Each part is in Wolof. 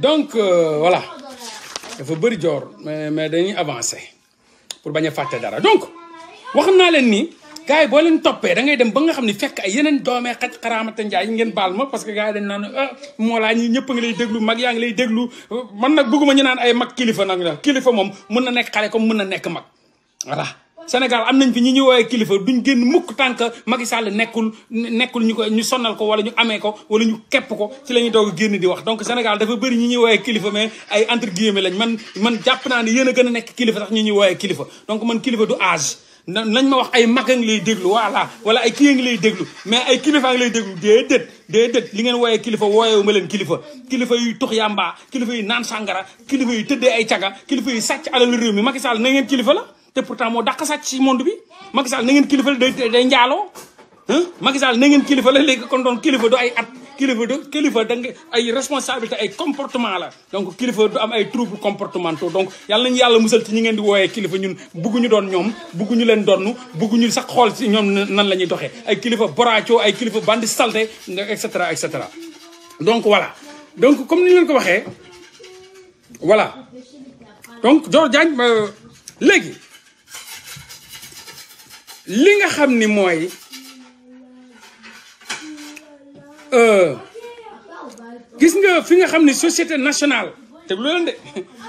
donc euh, voilà il faut beaucoup mais mais avancer pour a donc wax naa ni gars vous len topé da ngay dem ba nga xamni fekk ay yeneen qui xat ndjay ngeen parce que gars dañ ñi ñepp nga lay déglu mag vous lay déglu man nak bëgguma ñu ay mag kilifa kilifa voilà Sénégal am nañ fi ñi ñuy woowee kilifa du ñu génn mukk tànk Macky Sall nekkul nekkul ñu ko ñu sonnal ko wala ñu amee ko wala ñu kepp ko ci la ñuy doog a génn di wax donc Sénégal dafa bëri ñi ñuy woowee kilifa mais ay lañ man man jàpp naa ne yéen a gën a nekk kilifa sax ñi ñuy woowee kilifa donc man kilifa du âge nañ wax ay mag a ngi lay déglu voilà wala ay kii a lay déglu mais ay kilifa lay déglu déedéet déedéet li ngeen wooyee kilifa wooyewu ma leen kilifa kilifa yu tux yàmbaa kilifa yu naan sàngara kilifa yu tëddee ay caga kilifa yu sàcc alal réew mi Macky Sall na ngeen kilifa la te pourtant moo dàq sàcc ci monde bi Macky Sall na ngeen kilifa la day day njaaloo Macky Sall na ngeen kilifa la léegi kon doon kilifa du at kilifa du kilifa da nga ay responsabilité ay comportement la donc kilifa du am ay troubles comportementaux donc yàlla nañu yàlla musal ci ñi ngeen di wooyee kilifa ñun bugguñu doon ñoom bugguñu leen donn bugguñu sax xool ci ñoom nan la ñuy doxee ay kilifa boraacoo ay kilifa bandi salte et cetera et cetera donc voilà donc comme ni leen ko waxee voilà donc Dior Diagne euh, léegi li nga xam ni mooy euh, gis nga fi nga xamni société nationale te lu leen de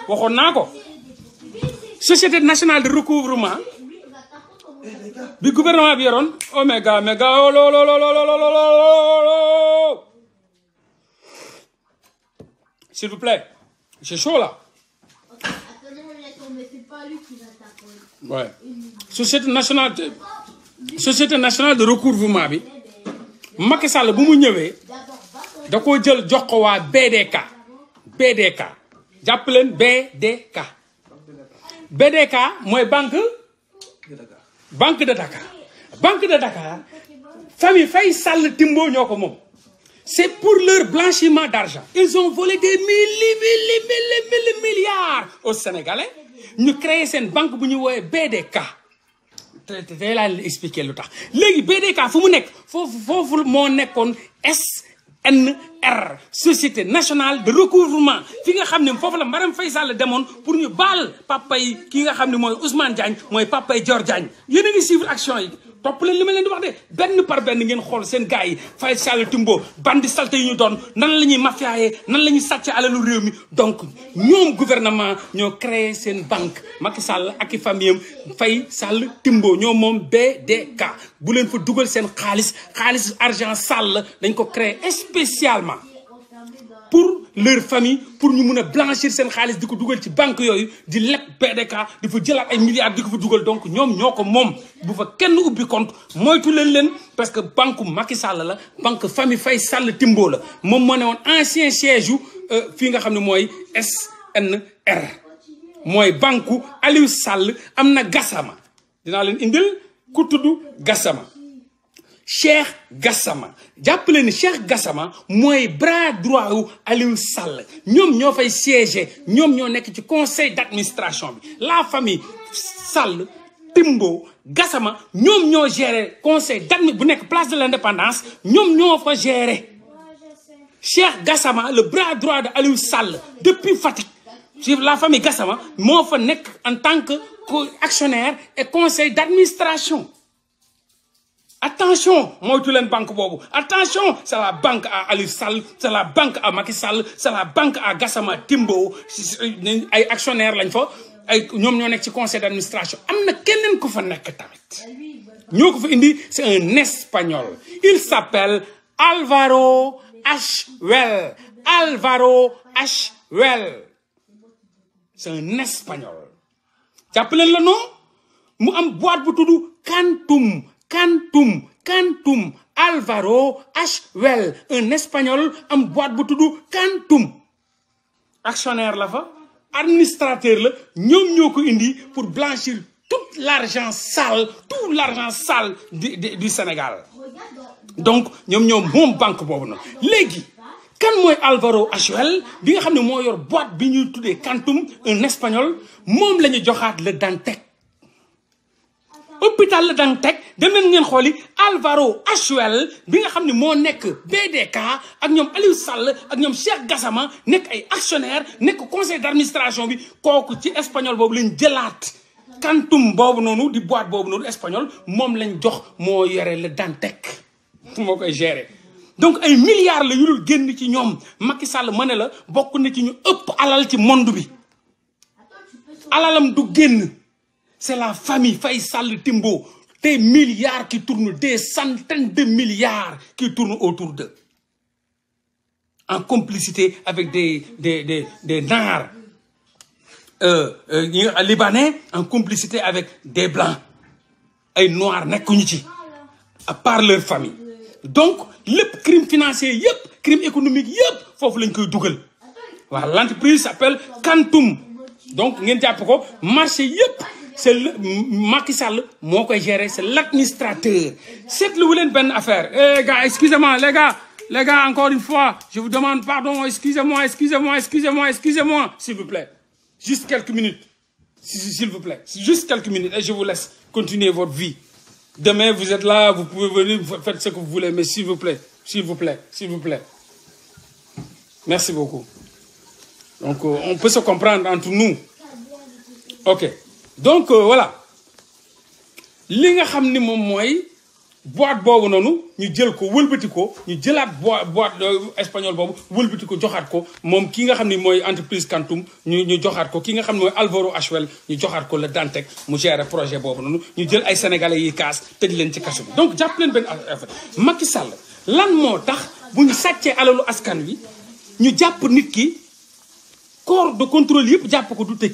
waxoon naa société nationale de recouvrement bi gouvernement bi yoron omega mega oh, lo lo lo lo lo lo s'il vous plaît c'est chaud là Ouais. société nationale de société nationale de recouvrement bi Macky Sall bu mu ñëwee da ko jël jox ko wa BDK BDK jàpp leen BDK BDK moy banque banque de Dakar banque de Dakar famille Faye Sall Timbo ñoko mom. c'est pour leur blanchiment d'argent ils ont volé des mille mille mille milliards aux Sénégalais ñu créer seen banque bu ñu woowee BDK te tey laa leen expliqué lu tax léegi BDK fu mu nekk foofu foofu moo nekkoon SNR société nationale de recouvrement fi nga xamné fofu la maram Faisal Sall demoon pour ñu bal papay ki nga xamné moy Ousmane Diagne moy papay Dior Diagne yéen ngi suivre action yi. topp leen li ma leen di wax de benn par benn ngeen xool seen gars yi Faye Sall timboo bandi salte yi ñu doon nan la ñuy mafiaayee nan la ñuy sàcc alalu réew mi donc ñoom gouvernement ñoo créé seen banque Macky sàll ak i famille am Faye Sall Timbo ñoo moom ka bu leen fa dugal seen xaalis xaalis argent sall dañ ko créé spécialement pour leur famille pour ñu mun blanchir sen xaliss di ko dugal ci banque yoyu di lekk PDK di fa jëlat ay milliards di ko fa duggal donc ñom ñoko mom bu fa kenn ubbi compte moytu leen leen parce que banque Macky Sall la banque famille Faye Sall Timbo la mom mo ne woon ancien siège yu euh, fii nga xam moy SNR moy banque Aliou Sall amna gasama Gassama dinaa leen indil ku tuddu Gassama Cheikh Gassama j'appelle Cheikh Gassama moi, bras droit ou Aliou Sall Nous, fait fay siéger nous, ñoo ci conseil d'administration la famille Sall Timbo Gassama nous ñoo gérer conseil d'administration. place de l'indépendance nous, ñoo fa gérer Cheikh Gassama le bras droit de Aliou Sall depuis Fatih. la famille Gassama moi fa en tant qu'actionnaire et conseil d'administration attention moytu banque attention c'est la banque à Alissal, c'est la banque à Macky c'est la banque à Gassama Timbo ay actionnaire lañ fa ay ñom ñoo ci conseil d'administration Amna ku fa nekk tamit fa indi c'est un espagnol il s'appelle Alvaro Ashwell Alvaro Ashwell c'est un espagnol le nom? nom nom mu am boîte bu tuddu Cantum Cantum Cantum Alvaro Ashwell un espagnol un boîte de Cantum actionnaire là-bas, administrateur nous avons venus pour blanchir tout l'argent sale tout l'argent sale du Sénégal donc nous avons venus banque pour nous Légui, kan Alvaro Achuel bi nga xam boîte de Cantum un espagnol nous le ñu le Dantec hôpital la d'Antec, teg dem leen ngeen xoli Alvaro Achuel bi nga xamni mo nek BDK ak ñom Aliou Sall ak ñom Cheikh Gassama nek ay actionnaire nek conseil d'administration bi koku ci espagnol bobu lañ jëlaat kantum bobu nonu di boîte bobu nonu espagnol mom lañ jox mo yore le daan teg koy gérer donc ay milliards la yu genn ci ñom Macky Sall mané la bokku na ci ñu ëpp alal ci monde bi alalam du genn c'est la famille Faisal Timbo. Des milliards qui tournent, des centaines de milliards qui tournent autour d'eux. En complicité avec des, des, des, euh, euh, euh, libanais, en complicité avec des blancs. Et noirs, à part leur famille. Donc, le crime financier, le crime économique, il faut que L'entreprise s'appelle Kantum Donc, vous marché, yep c'est Macky Sall moi qui gérer c'est l'administrateur seetluwu une bonne affaire eh gars excusez-moi les gars les gars encore une fois je vous demande pardon excusez-moi excusez-moi excusez-moi excusez-moi s'il vous plaît juste quelques minutes s'il vous plaît juste quelques minutes et je vous laisse continuer votre vie demain vous êtes là vous pouvez venir faites ce que vous voulez mais s'il vous plaît s'il vous plaît s'il vous plaît merci beaucoup donc euh, on peut se comprendre entre nous ok donc euh, voilà li nga xam ni moom boîte bobu ñu jël ko wëlbati ñu boîte euh, espagnol bobu wëlbati ko ko mom ki nga xamni moy entreprise un ñu ñu joxat ko ki nga Alvaro Achuel ñu joxat ko la Dantec mu le projet bobu noonu nous jël ay sénégalais yi kaas nous leen ci donc nous leen ben Macky Sall lan mo tax bu ñu alalu askan wi corps de contrôle Il nous ko du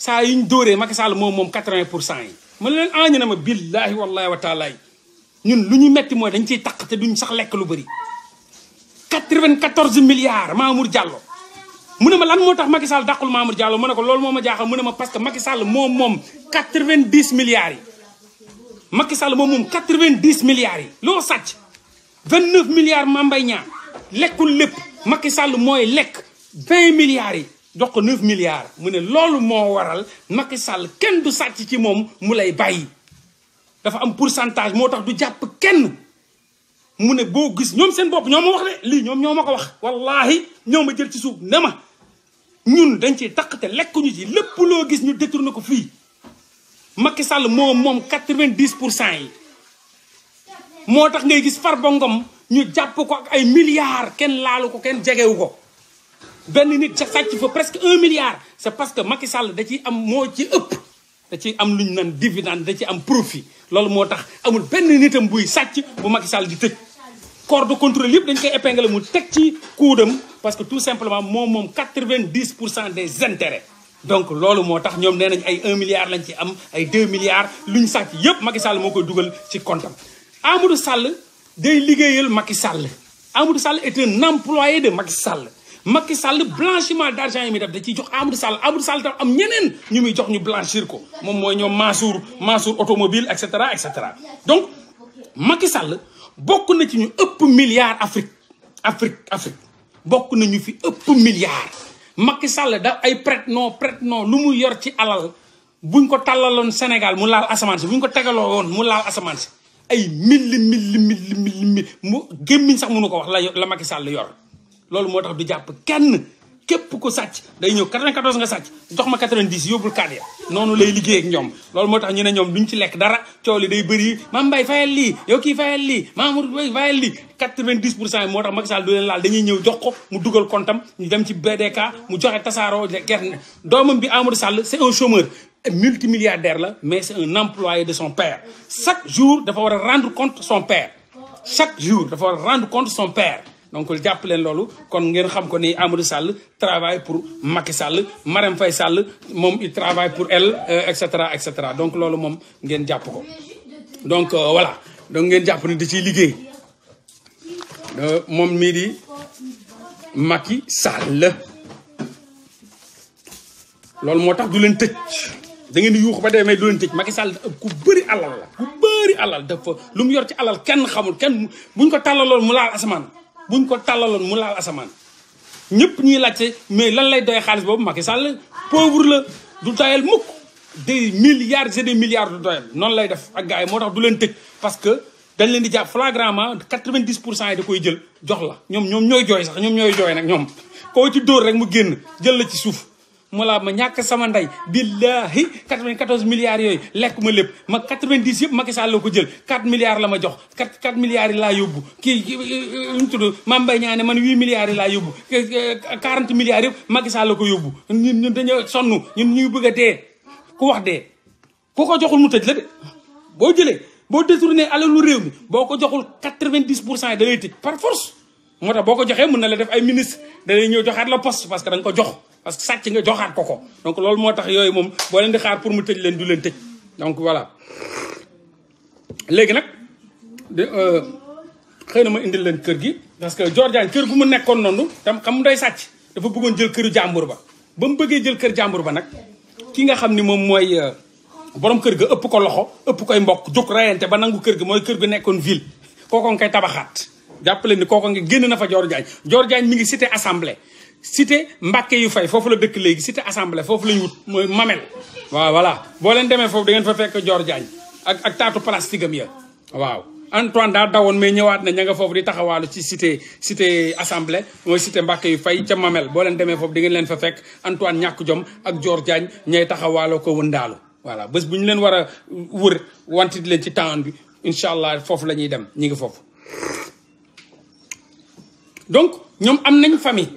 saa yi ñu dóoree Macky sàll moom moom 80 pour cent yi man leen añu na ma billaahi wallaahi wa taalaay ñun lu ñu metti mooy dañ ciy taq te duñ sax lekk lu bëri 94 milliards Mamour Diallo mu ne ma lan moo tax Macky Sall dàqul Mamour Diallo mu ne ko loolu moo ma jaaxal mu ne ma parce que moom moom 90 milliards yi Macky Sall moom moom 90 milliards yi loo sàcc 29 milliards Mame Mbaye Niang lekkul lépp makki sàll mooy lekk 20 milliards yi jox ko 9 milliards mu ne loolu moo waral Macky sàll kenn du sàcc ci moom mu lay bàyyi dafa am pour pourcentage moo tax du jàpp kenn mu ne boo gis ñoom seen bopp ñoom ma wax de lii ñoom ñoo ma ko wax wallaahi ñoo ma jël ci suuf ne ma ñun dañ ci takk te lekkuñu ci lépp loo gis ñu na ko fii Macky sàll moom moom 90 pour cent yi moo tax ngay gis Farba Ngom ñu jàpp ko ak ay milliards kenn laalu ko kenn jegewu ko ben nit sa sàcc fa presque 1 milliard c'est parce que Macky Sall da ci am mo ci ëpp da ci am luñ ñu dividende da ci am profit lolou motax amul ben nitam buy satch bu Macky Sall di tëj corps de contrôle yëpp dañ koy épingler mu teg ci kuudam parce que tout simplement mom mom 90% des intérêts donc lolou motax ñom nenañ ay 1 milliard lañ ci am ay 2 milliards luñ satch yëpp Macky Sall moko koy ci compte. Amadou Sall day liggéeyal Macky Sall Amadou Sall est un employé de Macky Sall Macky Sall blanchiment d' argent yi muy def da ciy jox Amadou Sall Amadou Sall tam am ñeneen ñu muy jox ñu blanchir ko moom mooy ñoom Mansour Mansour automobile et cetera et cetera donc Macky sàll bokk na ci ñu ëpp milliard Afrique Afrique Afrique bokk na ñu fi ëpp milliard Macky Sall da ay prête non prête non lu mu yor ci alal buñ ko tàllaloon Sénégal mu laal asamaan si ñu ko tegaloo woon mu laal asamaan si ay milli milli milli milli mu gémmiñ sax mënu ko wax la la Macky Sall loolu motax du japp kenn kep ko satch day ñëw 94 nga satch jox ma 90 yobul kaat nonu lay liggéey ak ñom loolu motax ñu né ñom duñ ci lek dara cioli day bëri mam bay fayal li yow ki fayal li Mamour bay fayal li 90 motax cent yi du len laal dañuy ñëw jox ko mu duggal kontam ñu dem ci BDK mu joxe tasaaroo kenn doomam bi Amadou Sall c'est un chômeur multimilliardaire la mais c'est un employé de son père chaque jour dafa war rendre compte son père chaque jour dafa war rendre compte son père donc jàpp leen loolu kon ngeen xam ko ni Amadou Sall travaille pour Macky Sall Marème fay Sall mom il travaille pour elle euh, et cetera et cetera donc loolu mom ngeen japp ko donc euh, voilà donc ngeen japp ni da ciy liggéey euh, mom mi di Macky Sall loolu motax du len tecc da ngeen di yuux ba du len tecc Macky Sall ku beuri alal la ku beuri alal dafa lum mu yor ci alal kenn xamul kenn buñ ko tàllaloon mu laal asman bu buñ ko tàllaloon mu laal asamaan ñëpp ñuy laajte mais lan lay doy xaalis boobu mag Macky Sall pauvre la du doyal mukk des milliards et des milliards du doyal noonu lay def ak gars yi moo tax du leen tëj parce que dañ leen di jàpp flagramment quatre-vingt-dix pour cent yi da koy jël jox la ñoom ñoom ñooy jooy sax ñoom ñooy jooy nag ñoom koo ci dóor rek mu génn jël la ci suuf mu laa ma ñàkk sama ndey billahi 94 milliards yooyu lekk ma lépp ma 90 yëpp Macky la ko jël 4 milliards la ma jox 4 4 milliards yi laa yóbbu kii lu tudd Mame Mbaye Niang ne man 8 milliards laa yóbbu 40 milliards yëpp Macky Sall la ko yóbbu ñun ñun dañoo sonn ñun ñuy bëgg a dee ku wax dee ku ko joxul mu tëj la de boo jëlee boo détourné alalu réew mi boo ko joxul 90 pour cent yi da lay tëj par force moo tax boo ko joxee mën na la def ay ministre da ñëw joxaat la post parce que da ko jox parce que sàcc nga joxaat ko ko donc loolu moo tax yooyu moom boo leen di xaar pour mu tëj leen du leen tëj donc voilà léegi nag de euh, xëy na ma indi leen kër gi parce que joor Georgiane kër gu mu nekkoon noonu tam xam day sàcc dafa bëggoon jël këru jàmbur ba ba mu bëggee jël kër jàmbur ba nag ki nga xam ni moom mooy euh, borom kër ga ëpp ko loxo ëpp koy mbokk jóg rayante ba nangu kër gi mooy kër gu nekkoon ville kooko nga koy tabaxaat jàppale ni kooko nga génn na fa joor Georgiane mi ngi cité assemblée cité Mbàkke yu fay foofu la dëkk léegi cité assemblée foofu la ñu wut mooy Mamel. waaw voilà boo leen demee foofu dangeen fa fekk joor jaañ ak ak taatu plastique am ya waaw Antoine daa dawoon mais ñëwaat na ña nga foofu di taxawaalu ci cité cité assemblée mooy cité Mbàkke yu fay ca Mamel boo leen demee foofu da ngeen leen fa fekk Antoine ñàkk jom ak Dior Diagne ñay taxawaalo ko wëndaalu. voilà bés bu ñu leen war a wër wantit leen ci temps bi incha allah foofu la ñuy dem ñi ngi foofu donc ñoom am nañ famille.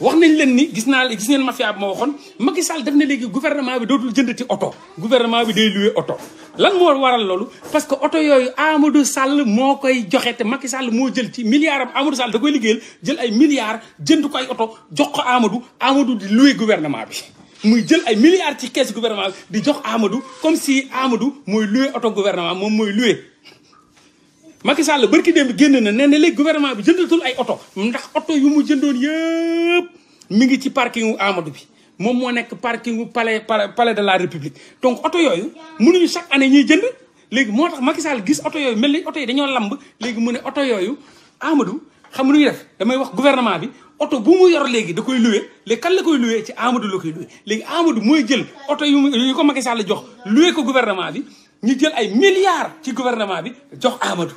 wax nañ leen ni gis naa gis ngeen mafia bi ma waxoon Macky Sall def na léegi gouvernement bi dootul jëndati oto gouvernement bi day loué oto lan moo waral loolu parce que oto yooyu Amadou Sall moo koy joxe te Macky Sall moo jël ci milliard am Amadou Sall da koy liggéeyal jël ay milliare jënd ko ay oto jox ko Amadou Amadou di loué gouvernement bi muy jël ay milliards ci caisse gouvernement bi di jox Amadou comme si Amadou mooy loué oto gouvernement moom mooy loué Macky Sall barki bi génn na nee na léegi gouvernement bi jëndatul ay oto ndax oto yu mu jëndoon yëpp mi ngi ci parking wu Amadou bi moom moo nekk parking wu palais palais de la république donc oto yooyu mënuñu chaque année ñuy jënd léegi moo tax Macky Sall gis oto yooyu mel ni oto yi dañoo lamb léegi mu ne oto yooyu Amadou xam lu ñuy def damay wax gouvernement bi oto bu mu yor léegi da koy loué léegi kan la koy loué ci Amadou la koy loué léegi Amadou mooy jël oto yu yu ko Macky Sall jox loué ko gouvernement bi ñu jël ay milliards ci gouvernement bi jox Amadou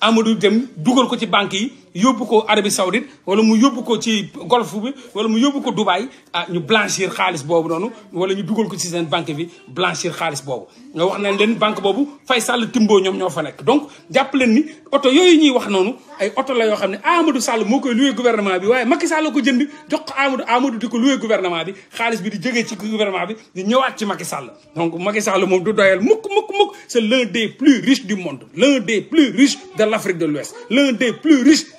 Amadou dem dugal ko ci banque yi yóbbu ko Arabie Saoudite wala mu yóbbu ko ci golf bi wala mu yóbbu ko Dubaï ah, ñu blanchir xaalis boobu noonu wala ñu dugal ko ci seen banque bi blanchir xaalis boobu nga wax nañ leen banque boobu fay sàll timboo ñoom ñoo fa nekk donc jàpp leen ni oto yooyu ñuy wax noonu ay oto la yoo xam ne Amadou Sall moo koy loué gouvernement bi waaye Macky Sall ko jënd jox ko Amadou Amadou di ko gouvernement bi xaalis bi di jógee ci gouvernement bi di ñëwaat ci Macky Sall donc Macky Sall moom du doyal mukk mukk mukk c'est l'un des plus riches du monde l'un des plus riches de l'Afrique de l'Ouest l'un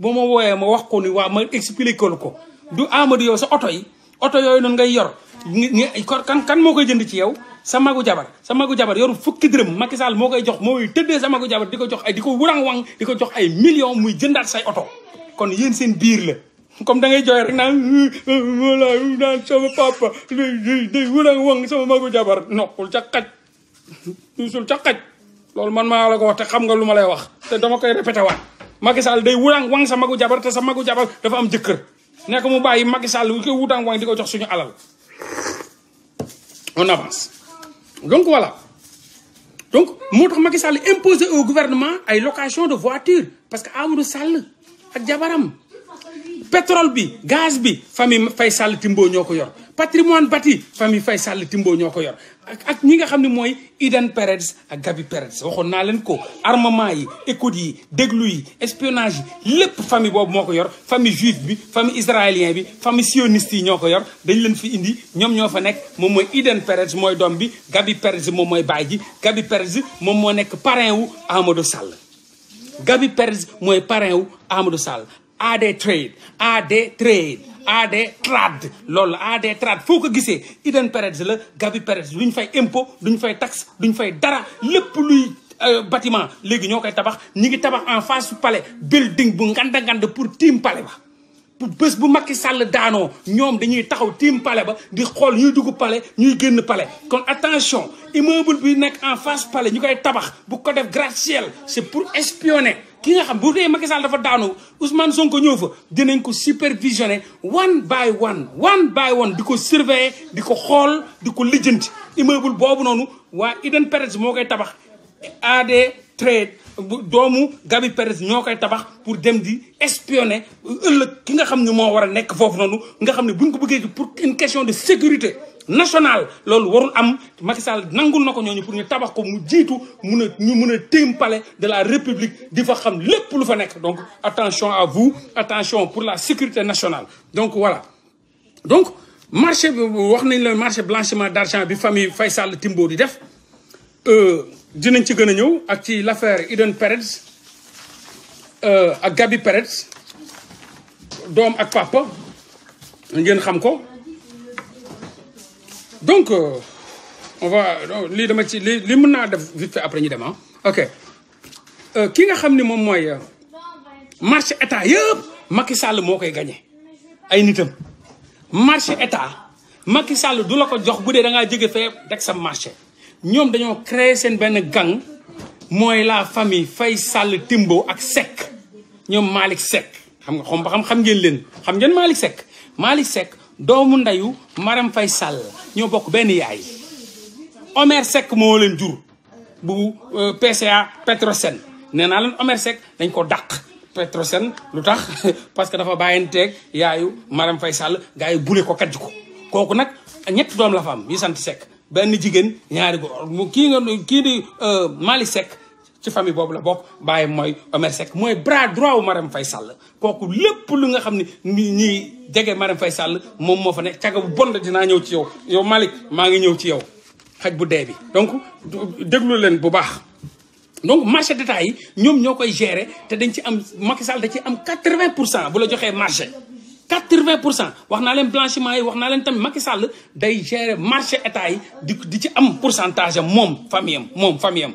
boo ma wooyee ma wax ko ni waa ma expliqué ko du Amadou yow sa oto yi oto yooyu noonu ngay yor kan kan moo koy jënd ci yow sa magu jabar sa magu jabar yoru fukki dërëm Macky Sall moo koy jox mooy tëddee sa jabar di ko jox ay di ko wurang-wang di ko jox ay millions muy jëndaat say oto kon yéen seen biir la comme da ngay jooy rek naan wala naan sama papa day wurang-wang sama magu jabar noppul ca xaj duusul ca loolu man maa la wax te xam nga lu ma lay wax te dama koy répété waat Macky Sall day wutang wang sa magu jabar te sa magu jabar dafa am jëkkër nekk mu bàyyi Macky Sall bu koy wutang wang di ko jox suñu alal on avance donc voilà donc mu tax Macky Sall imposé au gouvernement ay location de voiture parce que Amadou Sall ak jabaram pétrole bi gaz bi famille Faye Sall Timbo ñoo ko yor patrimoine bâti famille Faye Sall Timbo ñoo ko yor ak ñi nga xam ne mooy Eden Perez ak Gabi Perez waxoon naa leen ko armement yi écoute yi déglu yi espionnage yi lépp famille boobu moo ko yor famille juif bi famille israélien bi famille sioniste yi ñoo ko yor dañ leen fi indi ñoom ñoo fa nekk moom mooy Eden Perez mooy doom bi Gabi Perez moom mooy baay ji Gabi Perez moom moo nekk parrain wu Amadou Sall Gabi Perez mooy parrain wu Amadou Sall AD trade AD trade AD trade lol, AD trade que ko Eden Perez la Gabi Perez duñ fay impôt duñ fay taxe duñ fay dara plus... luy euh, bâtiment légui ñokay tabax ñi ngi tabax en face palais building bu nganda pour team palais pour bëss bu Macky Sall daano ñom dañuy taxaw team palais ba di ñuy palais ñuy palais attention immeuble bi nek en face palais ñukay tabax bu ko def gratte c'est pour espionner ki nga xam bu dee Macky Sall dafa daanu Ousmane ko ñëw fa dinañ ko supervisionné one by one one by one di ko surveiller di ko xool di ko lijjanti immeuble boobu noonu waa Eden Perez moo koy tabax AD trade doomu Gabi Perez ñoo koy tabax pour dem di espionner ëllëg ki nga xam ne moo war a nekk foofu noonu nga xam ne buñ ko bëggee pour une question de sécurité national loolu warul am Macky Sall nangul na ñooñu pour ñu tabax ko mu jitu mu ne ñu mun a palais de la république di fa xam lepp lu fa nek donc attention à vous attention pour la sécurité nationale donc voilà donc marché wax nañ la marché blanchiment d'argent. bi famille Faye Timbo di def euh, dinañ ci gëna ñëw ak ci l'affaire Eden Perez euh, ak Gabi Perez Dom ak papa ngeen xam ko donc euh, on va Li dama ci li li mën def vite fait après ñu dem ah. ok Euh ki nga xamni mom moy euh, marché état yëpp Macky Sall mo koy gagner. ay nitam marché état Macky Sall du la ko jox bu da nga jóge fé rek sa marché Ñom dañoo créer sen ben gang moy la famille Faye Sall Timbo ak Sek. Ñom Malik Sek. xam nga xom ba xam xam ngeen leen xam ngeen Malik Sek. Malik Sek doomu ndeyu Marème fay Sall ñoo bokk benn yaay Omer Seck moo leen jur bu euh, PCA Petrosen nee naa leen Omer Seck dañ ko dàq Petrosen lu tax parce que dafa teg yaayu Marème fay Sall gars yi bule ko kajj ko kooku nag ñett doom la fa am yu sant Seck benn jigéen ñaari góor kii nga kii di euh, Malick Seck ci famille boobu la bokk bàyyi mooy Omer Seck mooy bras droit wu Marème fay Sall kooku lépp lu nga xam ne ñi ñiy jege Marème fay Sall moom moo fa nekk caga bu bon la dinaa ñëw ci yow yow Malick maa ngi ñëw ci yow xaj bu dee bi donc déglu leen bu baax donc marché d'état yi ñoom ñoo koy gérer te dañ ci am Macky Sall da ci am 80 pour cent bu la joxee marché 80 pour cent wax naa leen blanchiment yi wax naa leen tamit Macky Sall day gérer marché état yi di di ci am pourcentage am moom famille am moom famille am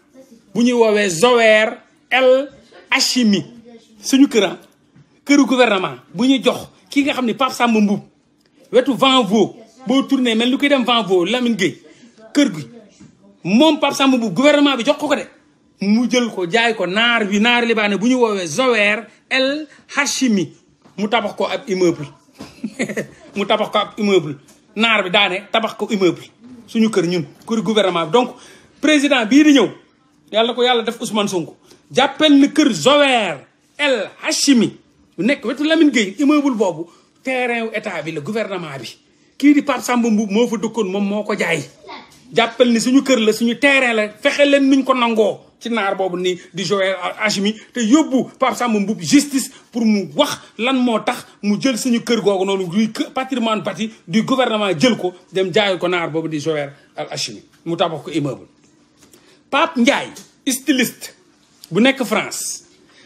bu ñuy Zower El Hashimi. suñu que ah, le gouvernement bu Joh, jox ki nga xam Pape Samba Mboup wetu Vanvo boo tourné mel ni koy dem Vanvo Lamine Gueye kër gouvernement bi jox ko ko de mu jël ko jaay ko nar bi nar Zower El Hashimi. mu tabax ko immeuble mu tabax ko immeuble Nar, bi daane tabax ko immeuble suñu kër ñun gouvernement donc président bi yàlla ko yàlla def Ousmane Sonko jàppel ni kër Jower El Hachimi bu nekk wetu Lamine Gueye immeuble boobu terrain wu état bi la gouvernement bi kii di Pape Samba Mboup moo fa dëkkoon moom moo ko jaay jàppal ni suñu kër la suñu terrain la fexe leen nuñ ko nangoo ci naar boobu nii di Joël Hachimi te yóbbu Pape Samba Mboup justice pour mu wax lan moo tax mu jël suñu kër googu noonu luy patrimoine bâti du gouvernement jël ko dem jaay ko naar boobu di Joël Hachimi mu tabax ko immeuble Pape Ndiaye styliste bu nekk France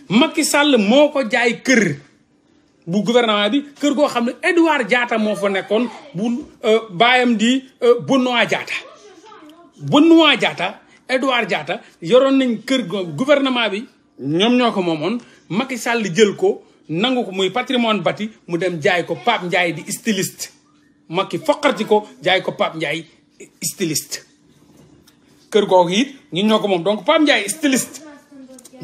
Macky Sall moo ko jaay kër bu gouvernement bi kër goo xam ne Edouard jaata moo fa nekkoon bu euh, baayam di euh, Benoît Diatta Benoît Diatta Edouard Diatta yoroon nañ kër gouvernement bi ñoom ñoo ko moomoon Macky Sall jël ko nangu ko muy patrimoine bâti mu dem jaay ko Pape Ndiaye di styliste Macky foqarti ko jaay ko Pape Ndiaye styliste kër gogui it ñun ñoo ko donc Pape Ndiaye styliste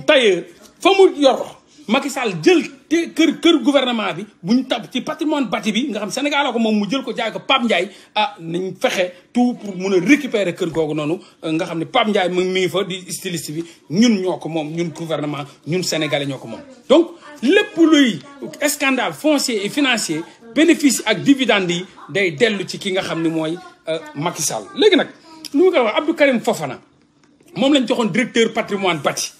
tailleur famu yor Macky Sall jël te kër kër gouvernement bi buñu tab ci patrimoine bâti bi nga xam Sénégal la ko moom mu jël ko jaay ko Pape Ndiaye ah nañ fexé tout pour mun récupérer kër gogou noonu euh, nga xam ni Pape Ndiaye mu ngi fa di styliste bi ñun ñoko mom ñun gouvernement ñun sénégalais ñoko mom donc lepp luy scandale foncier et financier bénéfice ak dividende yi day dellu ci ki nga xam ne mooy euh, Macky Sall léegi nag. nu mu koy wax Abdou Karim Fofana moom lañ joxoon directeur patrimoine bâti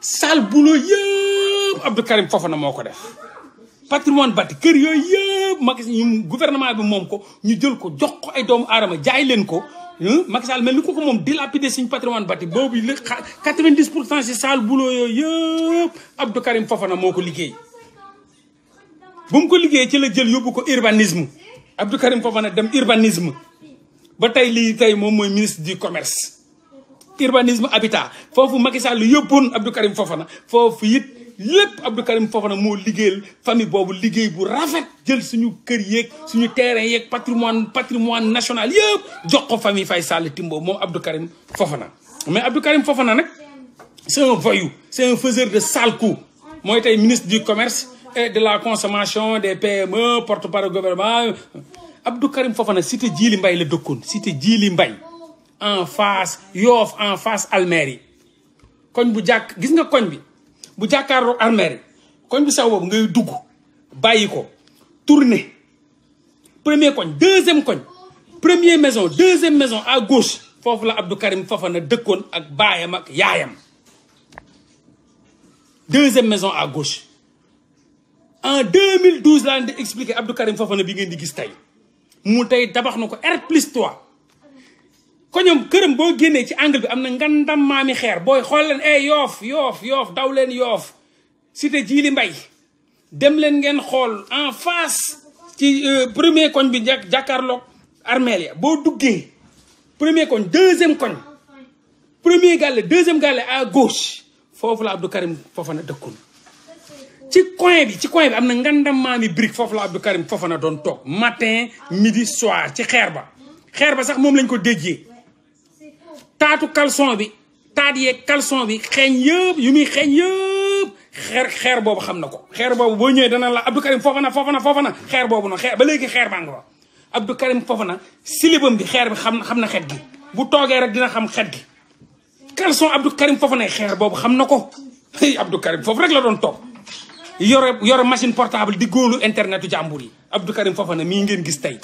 sal bulo yëpp Abdou Karim Fofana moo ko def patrimoine bâti kër yooyu yëpp Macky ñu gouvernement bi moom ko ñu jël ko jox ko ay doomu aadama jaay leen ko Macky Sall mel nu ko ko moom dilapidé suñu patrimoine bâti boobu la quatre-vingt-dix pour cent si sal bulo yooyu yëpp Abdou Karim Fofana moo ko liggéey bu mu ko liggéey ci la jël yóbbu ko urbanisme Abdou Karim Fofana dem urbanisme Je suis ministre du commerce urbanisme habitat vous Macky Sall pour Abdou Fofana Fofana famille rafet suñu suñu terrain patrimoine patrimoine national famille Timbo Fofana mais Abdou Fofana c'est un voyou c'est un faiseur de sale coup ministre du commerce et de la consommation des PME porte-parole gouvernement Abdou Karim Fofana cité Djili Mbaye le dëkkoon cité Djili Mbaye en face Yoff en face Almeri. koñ bu jàkk gis nga koñ bi bu jàkkaarloo Almere koñ bi sax boobu ngay dugg bàyyi ko tourner premier koñ deuxième koñ première maison deuxième maison à gauche Fofla Abdou Karim Fofana dëkkoon ak baayam ak Yayam. deuxième maison à gauche en 2012 laa leen expliqué Abdou Karim Fofana bi ngeen di gis mu tey tabax na ko R plus 3 ko këram boo génnee ci angle bi am na ngandam maami xeer booy xool leen e eh, yoof yoof yoof daw leen yoof cité Djily mbay dem leen ngeen xool en face ci euh, premier koñ bi njëkk jàkkaarloog armeel ya boo duggee premier koñ deuxième koñ premier gàlle deuxième gàlle à gauche foofu la Abdou Karim Fofana dëkkoon ci coin bi ci coin bi am na ngandamaami brique foofu la Abdou Karim Fofana doon toog matin midi soir ci xeer ba xeer ba sax moom lañ ko déjee taatu caleçon bi taat yeeg caleçon bi xeeñ yëpp yu muy xeeñ yëpp xeer xeer boobu xam na ko xeer boobu boo ñëwee dana la Abdou Karim Fofana Fofana Fofana xeer boobu noonu xeer ba léegi xeer baa nga fa Abdou Karim Fofana silibam bi xeer bi xam xam na xet gi bu toogee rek dina xam xet gi caleçon Abdou Karim Fofana xeer boobu xam na ko Abdou Karim foofu rek la doon toog yore yore machine portable di góolu internetu jàmbur yi Abdou Karim Fofana mii ngeen gis tey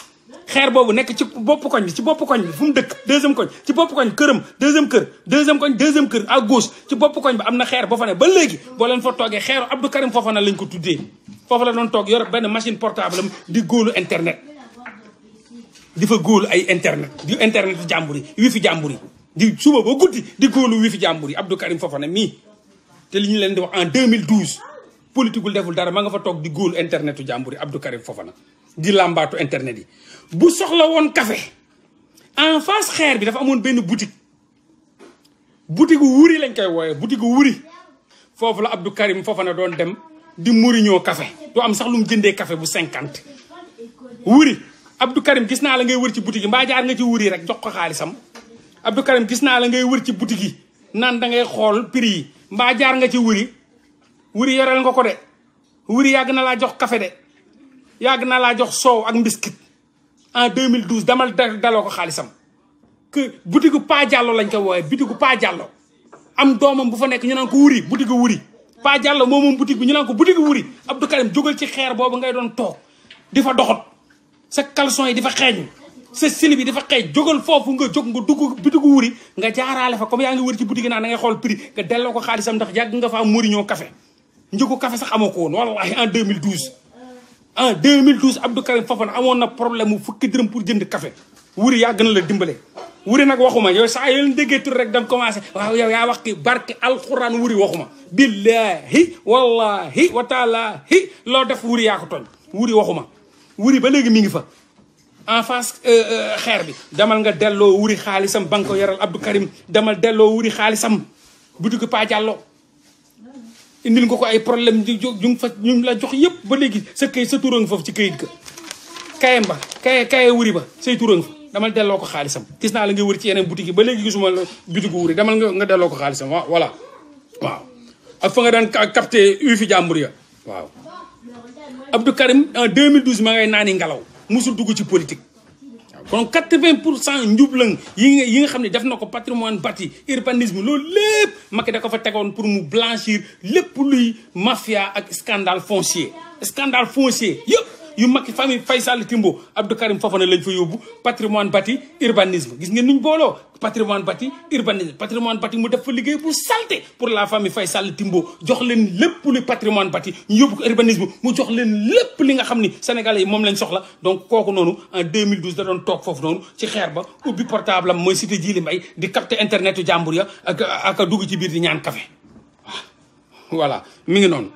xeer boobu nekk ci bopp koñ bi ci bopp koñ bi fu mu dëkk deuxième koñ ci bopp koñ këram deuxième kër deuxième koñ deuxième kër à ci bopp koñ bi am na xeer boo fa ne ba léegi boo leen fa toogee xeeru Abdou Karim Fofana lañ ko tuddee foofu la doon toog yore benn machine portable di góolu internet di fa góolu ay internet di internet jàmbur yi wifi jàmbur yi di suba ba guddi di góolu wifi jàmbur yi Abdou Karim Fofana mii te li ñu leen di wax en 2012 politique deful dara ma nga fa tok di goul internetu jamburi Abdou Karim Fofana di lambatu internet yi bu soxla won café en face xair bi dafa amone ben boutique boutique wuri lañ koy woyé boutique wuri fofu la Abdou Karim Fofana don dem di mourinho café do am sax lu mu jëndé café bu 50 wuri Abdou Karim gis na la ngay wër ci boutique mba jaar nga ci wuri rek jox ko xalisam Abdou Karim gis na la ngay wër ci boutique nan da ngay xol prix mba jaar nga ci wuri wuri yoreel nga ko de wuri yàgg na laa jox kafe de yàgg na laa jox soow ak mbiskit en 2012 damal daloo ko xaalisam que butigu Pa Diallo lañ ko woowee butigu Pa Diallo am doomam bu fa nekk ñu naan ko wuri butigu wuri Pa Diallo moom moom boutique bi ñu naan ko boutique wuri Abdou Karim jógal ci xeer boobu ngay doon toog di fa doxat sa caleçon yi di fa xeeñ sa slip bi nga jóg nga dugg boutique wuri nga jaaraale fa comme yaa ngi wër ci boutique naa da xool prix nga delloo ko xaalisam ndax yàgg nga faa moriñoo café njëgu kafe sax amoo ko woon wallahi en 2012. en 2012 Abdou Karim Fofana amoon na problème mu fukki dërëm pour jënd café wuri yaa gën la dimbale. wuri nag waxuma yow saa yoo leen déggee tur rek dam commencé waaw yow yaa wax ki barke alxuraan wuri waxuma. billahi wallahi wataalaahi loo def wuri yaa ko tooñ wuri waxuma wuri ba léegi mi ngi fa. en face euh, euh, xeer bi damal nga delloo wuri xaalisam ba nga ko yaral Abdou Karim damal delloo wuri xaalisam butiku Pa indil nga ko ay problème di jo ju fa ñu la jox yëpp ba léegi sa kay sa turang foofu ci kayit ga kayam ba kaye kaye wuri ba say turang fa damal delloo ko xaalisam gis naa la nga wër ci yeneen boutique yi ba léegi gisuma la boutique wuri damal nga nga delloo ko xaalisam waaw voilà waaw ak fa nga daan capté u jàmbur ya waaw Abdou Karim en 2012 ma ngay naani ngelaw musul dugg ci politique donc quatre-vingt pour cent njublang yi nga yi nga xam ne def na ko patrimoine bâti urbanisme loolu lépp Macky da ko fa tegoon pour mu blanchir lépp luy mafia ak scandale foncier scandale foncier yu mag famille Faye Sall Timbo Abdou Karim Fofana lañ fa yóbbu patrimoine bâti urbanisme gis ngeen nuñ booloo patrimoine bâti urbanisme patrimoine bâti mu def fa liggéey bu salte pour la famille Faye Sall Timbo jox leen lépp lu patrimoine bâti ñu yóbbu ko urbanisme mu jox leen lépp li nga xam ni sénégalais yi moom lañ soxla donc kooku noonu en 2012 da doon toog foofu noonu ci xeer ba ubbi portable am mooy cité Djily Mbaye di capter ak dugg ci biir di ñaan café voilà mi ngi noonu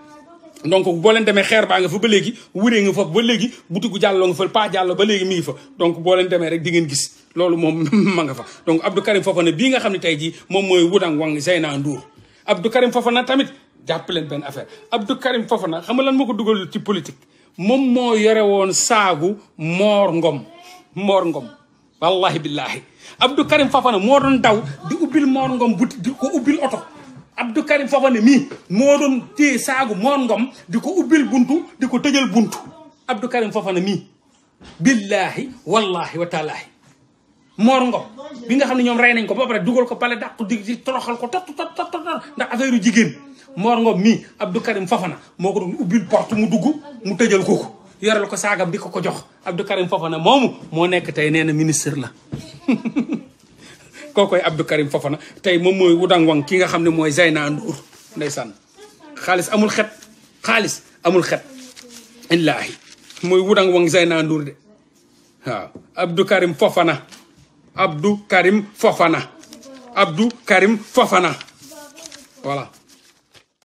donc boo leen demee xeer baa nga fa ba léegi wuree nga fa ba léegi butigu jàlloo nga fa pas jàllo ba léegi mi ngi fa donc boo demee rek di ngeen gis loolu moom ma nga fa donc Abdou Karim Fofana bii nga xam ne tey jii moom mooy wudang wang Zeyna Ndour Abdou Karim Fofana tamit jàpp leen benn affaire Abdou Karim Fofana xam nga lan moo ko dugal ci politique moom moo yore woon saagu moor ngom moor ngom wallahi billahi Abdou Karim Fofana moo doon daw di ubbil moor ngom buti di ko ubbil oto Abdou Karim Fofana mii moo doon téye saagu Mor Ngom di ko ubbil buntu di ko tëjal buntu Abdou Karim Fofana mii billaahi wallaahi wa taalaahi Mor Ngom bi nga xam ne ñoom rey nañ ko ba pare dugal ko pale dàqu di di toroxal ko tot tot tot tot ndax affaire yu jigéen Mor Ngom mii Abdou Karim Fofana moo ko doon ubbil porte mu dugg mu tëjal ko ko yoral ko saagam di ko ko jox Abdou Karim Fofana moomu moo nekk tey nee na ministre la ko kookoy Abdou Karim Fofana tey moom mooy Wudangwang ki nga xam ne mooy Zeyna Ndour ndeysaan xaalis amul xet xaalis amul xet illaahi mooy Wudangwang Zeyna Ndour de waaw Abdou Karim Fofana Abdou Karim Fofana Abdou Karim Fofana voilà